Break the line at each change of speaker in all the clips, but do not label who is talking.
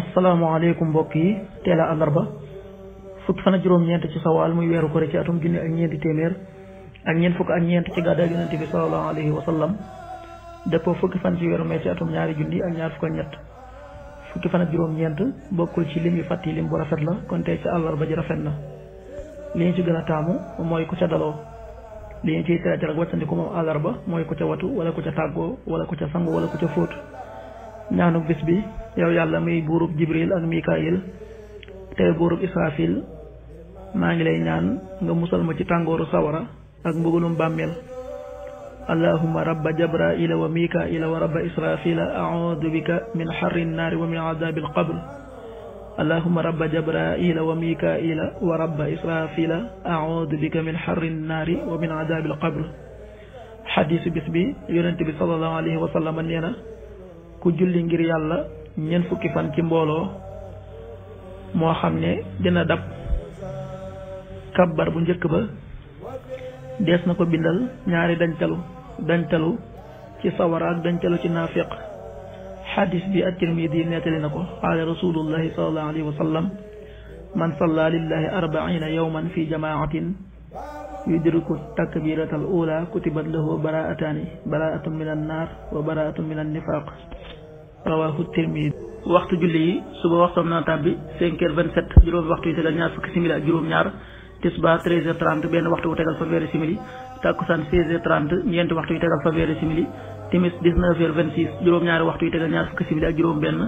asalaamaaleykum mbokk yi teel a àllarba fukki fan ak juróom-ñeent ci sawaal muy weeru kore ci atum junni ak ñeenti téeméer ak ñeent fukk ak ñeent ci gàddaay yonent bi sallallahu alayhi wa sallam dëppoo fukki fan ci weeru mee ñaari junni ak ñaar fukk fukki fan ak juróom-ñeent bokkul ci lim yu fàtt yi lim bu rafet la kon tey ci àllarba ji rafet na li ñu ci gën a taamu mooy ku ca daloo li ñu ciy tere ci rek wàccandiku moom àllarba mooy ku ca watu wala ku ca tàggoo wala ku ca sangu wala ku ca fóot ñaanu bis bi yow yàlla muy buurub jibril ak mikaayil tey buurub israfil maa ngi lay ñaan nga musal ma ci tàngooru sawara ak mbugalum bàmmeel allahuma rabba jabraila wa mikaila wa rabba israfila audu bika min xarri nnaari wa min adabi alqabr allahuma rabba jabraila wa mikaila wa rabba israfila audu bika min xarri nnaari wa min adabi alqabr xadiisu bis bi yonent bi salallahu alayhi wa sallam nee na ku julli ngir yàlla ñeent fukki fan ci mbooloo moo xam ne dina dab kabar bu njëkk ba dees na ko bindal ñaari dañtalu dañtalu ci sawara ak dañtalu ci naafiq xadis bi ak tirmidi nettali na ko qaala rasulullahi salallahu alayhi wa sallam man salla lillahi arbaina yowman fi jamaatin yudriku takbiratal ula kutibat lahu baraataani baraatun min annaar wa baraatun min annifaq rawaahu tirmidi waxtu julli yi suba waxtoom naa tàbbi cinq heures vingt sept juróomi waxtu yi tegal ñaar fukki simili ak juróom-ñaar tisbaar treize heures trente benn waxtu wu tegal fanweeri simili tàkkusaan seize heures trente ñeenti waxtu yi tegal fanweeri simili timis dix-neuf heures vingt six juróom-ñaari waxtu yi tegal ñaar fukki simili ak juróom benn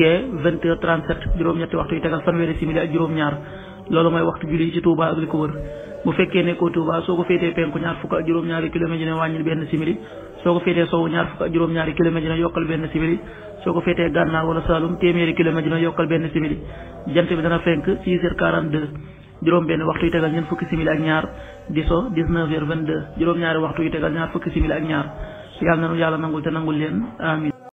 gee vingt heures trente sept juróom-ñetti waxtu yi tegal fanweeri simili ak juróom-ñaar loolu mooy waxtu julli ci Touba ak li ko wër bu fekkee nekkoo Touba soo ko féetee penku ñaar fukk ak juróom-ñaari kilomètres dina wàññil benn simili soo ko féetee sowu ñaar fukk ak juróom-ñaari kilomètres dina yokkal benn simili soo ko féetee gànnaar wala Saloum téeméeri kilomètres dina yokkal benn simili jant bi dana fenk 6 heures 42 juróom benn waxtu yu tegal ak ñaar di so 19 heures 22 juróom-ñaari waxtu yu tegal ñaar fukki simili ak ñaar yàlla na yàlla nangul te nangul leen amin